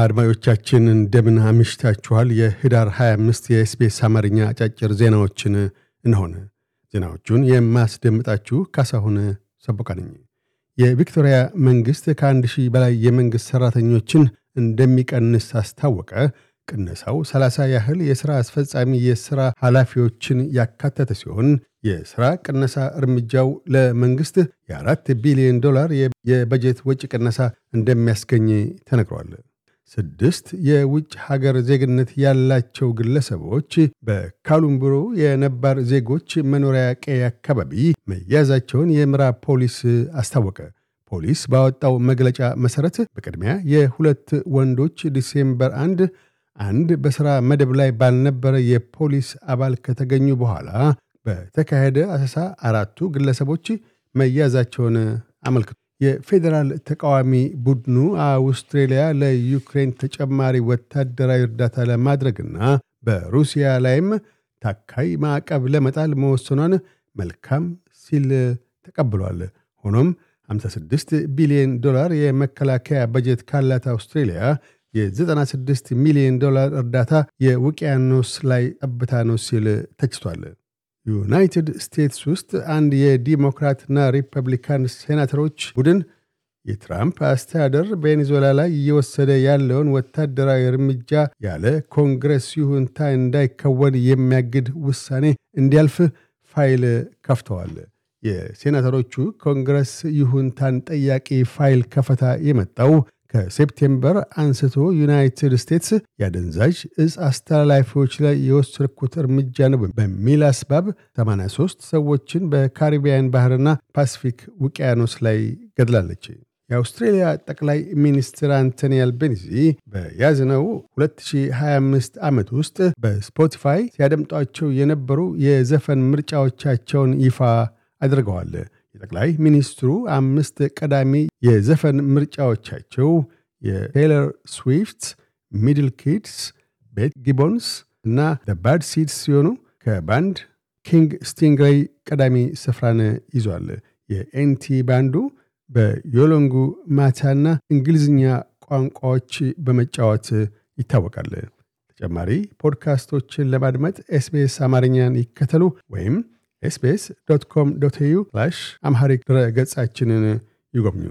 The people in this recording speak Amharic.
አድማጮቻችን እንደምን አምሽታችኋል። የህዳር 25 የኤስቤስ አማርኛ አጫጭር ዜናዎችን እንሆን። ዜናዎቹን የማስደምጣችሁ ካሳሁን ሰቦቃ ነኝ። የቪክቶሪያ መንግሥት ከአንድ ሺህ በላይ የመንግሥት ሠራተኞችን እንደሚቀንስ አስታወቀ። ቅነሳው 30 ያህል የሥራ አስፈጻሚ የሥራ ኃላፊዎችን ያካተተ ሲሆን የሥራ ቅነሳ እርምጃው ለመንግሥት የአራት ቢሊዮን ዶላር የበጀት ወጪ ቅነሳ እንደሚያስገኝ ተነግሯል። ስድስት የውጭ ሀገር ዜግነት ያላቸው ግለሰቦች በካሉምብሮ የነባር ዜጎች መኖሪያ ቀይ አካባቢ መያዛቸውን የምዕራብ ፖሊስ አስታወቀ። ፖሊስ ባወጣው መግለጫ መሠረት በቅድሚያ የሁለት ወንዶች ዲሴምበር አንድ አንድ በሥራ መደብ ላይ ባልነበረ የፖሊስ አባል ከተገኙ በኋላ በተካሄደ አሰሳ አራቱ ግለሰቦች መያዛቸውን አመልክቷል። የፌዴራል ተቃዋሚ ቡድኑ አውስትሬልያ ለዩክሬን ተጨማሪ ወታደራዊ እርዳታ ለማድረግና በሩሲያ ላይም ታካይ ማዕቀብ ለመጣል መወሰኗን መልካም ሲል ተቀብሏል። ሆኖም 56 ቢሊዮን ዶላር የመከላከያ በጀት ካላት አውስትሬልያ የ96 ሚሊዮን ዶላር እርዳታ የውቅያኖስ ላይ ጠብታ ነው ሲል ተችቷል። ዩናይትድ ስቴትስ ውስጥ አንድ የዲሞክራትና ሪፐብሊካን ሴናተሮች ቡድን የትራምፕ አስተዳደር ቬኔዙዌላ ላይ እየወሰደ ያለውን ወታደራዊ እርምጃ ያለ ኮንግረስ ይሁንታ እንዳይከወን የሚያግድ ውሳኔ እንዲያልፍ ፋይል ከፍተዋል። የሴናተሮቹ ኮንግረስ ይሁንታን ጠያቂ ፋይል ከፈታ የመጣው ከሴፕቴምበር አንስቶ ዩናይትድ ስቴትስ የአደንዛዥ እጽ አስተላላፊዎች ላይ የወሰድኩት እርምጃ ነው በሚል አስባብ 83 ሰዎችን በካሪቢያን ባህርና ፓስፊክ ውቅያኖስ ላይ ገድላለች። የአውስትሬልያ ጠቅላይ ሚኒስትር አንቶኒ አልቤኒዚ በያዝነው 2025 ዓመት ውስጥ በስፖቲፋይ ሲያደምጧቸው የነበሩ የዘፈን ምርጫዎቻቸውን ይፋ አድርገዋል። ጠቅላይ ሚኒስትሩ አምስት ቀዳሚ የዘፈን ምርጫዎቻቸው የቴይለር ስዊፍት፣ ሚድል ኪድስ፣ ቤት ጊቦንስ እና ደባድ ሲድስ ሲሆኑ ከባንድ ኪንግ ስቲንግሬይ ቀዳሚ ስፍራን ይዟል። የኤንቲ ባንዱ በዮሎንጉ ማታና እንግሊዝኛ ቋንቋዎች በመጫወት ይታወቃል። ተጨማሪ ፖድካስቶችን ለማድመጥ ኤስቤስ አማርኛን ይከተሉ ወይም ኤስቢኤስ ዶት ኮም ዶት ኤዩ አምሃሪክ ድረ ገጻችንን ይጎብኙ።